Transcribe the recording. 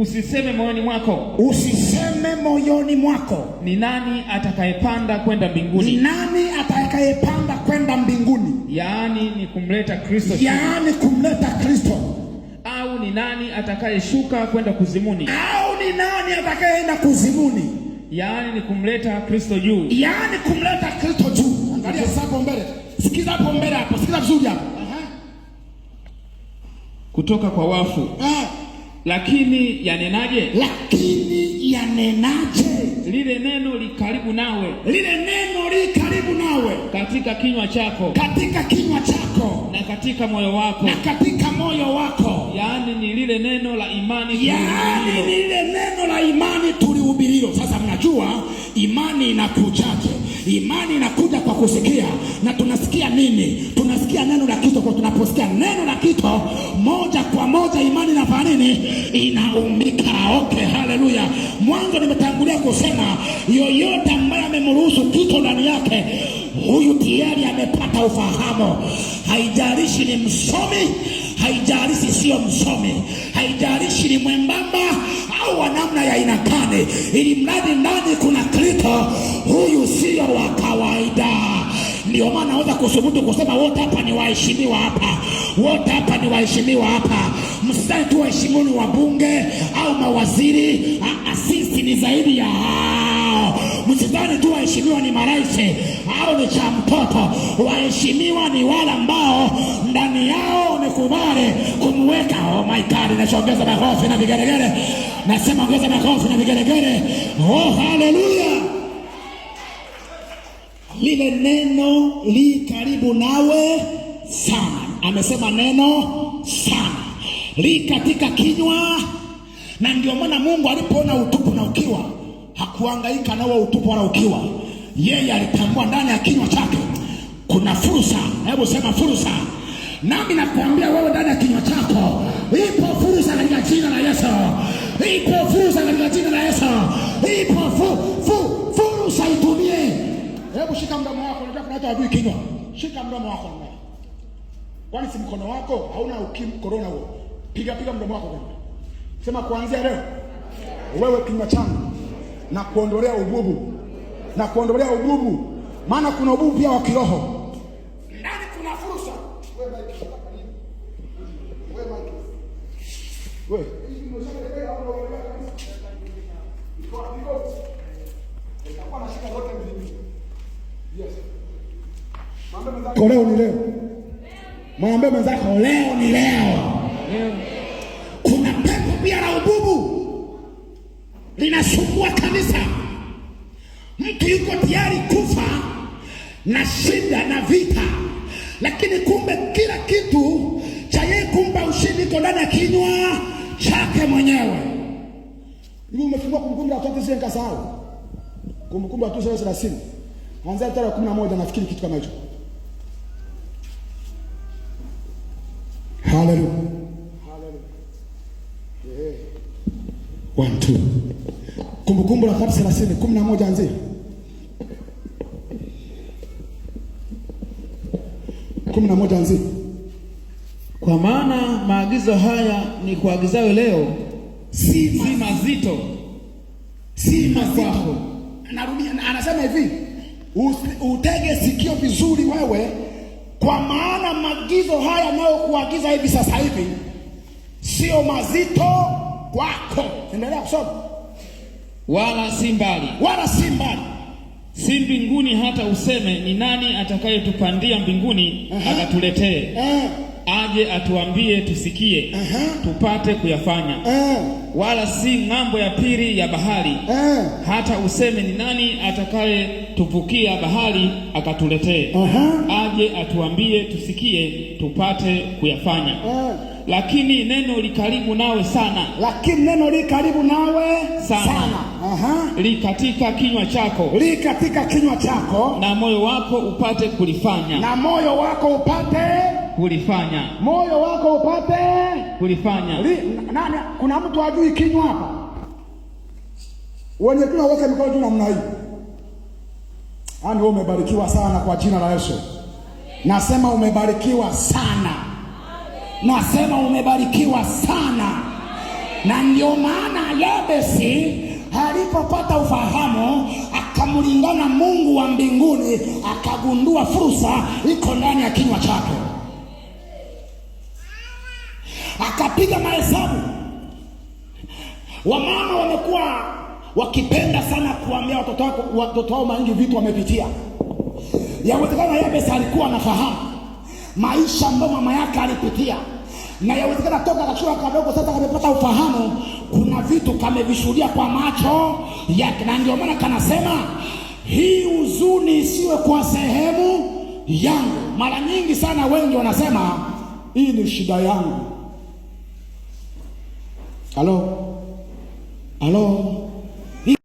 Usiseme moyoni mwako, usiseme moyoni mwako, ni nani atakayepanda kwenda mbinguni? Ni nani atakayepanda kwenda mbinguni? Yaani ni kumleta Kristo, yaani kumleta Kristo. Au ni nani atakayeshuka kwenda kuzimuni? Au ni nani atakayeenda kuzimuni? Yaani ni kumleta Kristo juu, yaani kumleta Kristo juu. Angalia sapo mbele, sikiza hapo mbele hapo, sikiza vizuri hapo, kutoka kwa wafu eh. Lakini yanenaje? Lakini yanenaje? Lile neno li karibu nawe, lile neno li karibu nawe, katika kinywa chako, katika kinywa chako, na katika moyo wako, na katika moyo wako. Yaani ni lile neno la imani, yaani ni lile neno la imani tu hubiri hilo. Sasa mnajua imani inakujaje? Imani inakuja kwa kusikia, na tunasikia nini? Tunasikia neno la Kristo. Kwa tunaposikia neno la Kristo moja kwa moja, imani inafanya nini? Inaumbika. Okay, haleluya. Mwanzo nimetangulia kusema yoyote ambaye amemruhusu Kristo ndani yake, huyu tayari amepata ufahamu. Haijalishi ni msomi, haijalishi sio msomi, haijalishi ni mwembamba au wana ndani, ili mradi ndani kuna Kristo, huyu sio wa kawaida. Ndio maana naweza kusubutu kusema wote hapa ni waheshimiwa hapa, wote hapa ni waheshimiwa hapa. Msitaki tu waheshimuni wabunge au mawaziri, sisi ni zaidi ya hao. Msidhani tu waheshimiwa ni marais au ni cha mtoto. Waheshimiwa ni wale ambao ndani yao wamekubali kumweka. Oh my God, nasongeza makofi na vigeregere, nasema ongeza makofi na vigeregere. Oh, haleluya! Lile neno li karibu nawe sana, amesema neno sana li katika kinywa, na ndio maana Mungu alipoona utupu na ukiwa hakuangaika na huo utupu wala ukiwa. Yeye alitambua ndani ya kinywa chake kuna fursa. Hebu sema fursa. Nami nakuambia wewe, ndani ya kinywa chako ipo fursa katika jina la Yesu, ipo fursa katika jina la Yesu, ipo fu, fu, fursa, itumie. Hebu shika mdomo wako, unajua kuna watu hawajui kinywa. Shika mdomo wako mwe, kwani si mkono wako hauna ukimwi korona huo? Piga piga mdomo wako, sema kuanzia leo wewe kinywa changu na kuondolea ububu, na kuondolea ububu, maana kuna ububu pia wa kiroho ndani. Kuna fursa leo ni leo, mwambie mwenzako leo ni leo. Kuna pepo pia la ububu linasumbua kanisa. Mtu yuko tayari kufa na shida na vita, lakini kumbe kila kitu cha yeye kumpa ushindi iko ndani ya kinywa chake mwenyewe. Hivi umefungua Kumbukumbu la Torati nkasahau, Kumbukumbu la Torati thelathini anzia mstari kumi na moja nafikiri kitu kama hicho. Haleluya, haleluya, yeah. one two Kumbukumbu la Torati na moja anzie. kumi na moja anzie. Kwa maana maagizo haya ni kuagizayo leo si mazito, si mazito. Anarudia, anasema hivi, utege sikio vizuri wewe, kwa maana maagizo haya nayo kuagiza hivi sasa hivi sio mazito kwako. Endelea kusoma wala si mbali, wala si mbali, si mbinguni, hata useme ni nani atakayetupandia mbinguni akatuletee aje atuambie tusikie, Aha. tupate kuyafanya Aha. wala si ng'ambo ya pili ya bahari Aha. hata useme ni nani atakaye tuvukia bahari akatuletee aje atuambie tusikie, tupate kuyafanya Aha lakini neno li karibu nawe sana, lakini neno li karibu nawe sana, sana. Aha. Li katika kinywa chako, li katika kinywa chako, na moyo wako upate kulifanya, na moyo wako upate kulifanya, moyo wako upate kulifanya. Li, nani, kuna mtu ajui kinywa hapa? Wenye kinywa waweke mikono juu namna hii. ani umebarikiwa sana kwa jina la Yesu. Nasema umebarikiwa sana. Nasema umebarikiwa sana, na ndio maana Yabesi alipopata ufahamu akamlingana Mungu wa mbinguni, akagundua fursa iko ndani ya kinywa chake, akapiga mahesabu. Wamama wamekuwa wakipenda sana kuambia watoto wao maingi vitu wamepitia. Yawezekana Yabesi alikuwa anafahamu maisha ambayo mama yake alipitia, na yawezekana toka kakiwa kadogo, sasa kamepata ufahamu, kuna vitu kamevishuhudia kwa macho yake, na ndio maana kanasema hii huzuni isiwe kwa sehemu yangu. Mara nyingi sana wengi wanasema hii ni shida yangu. Halo, halo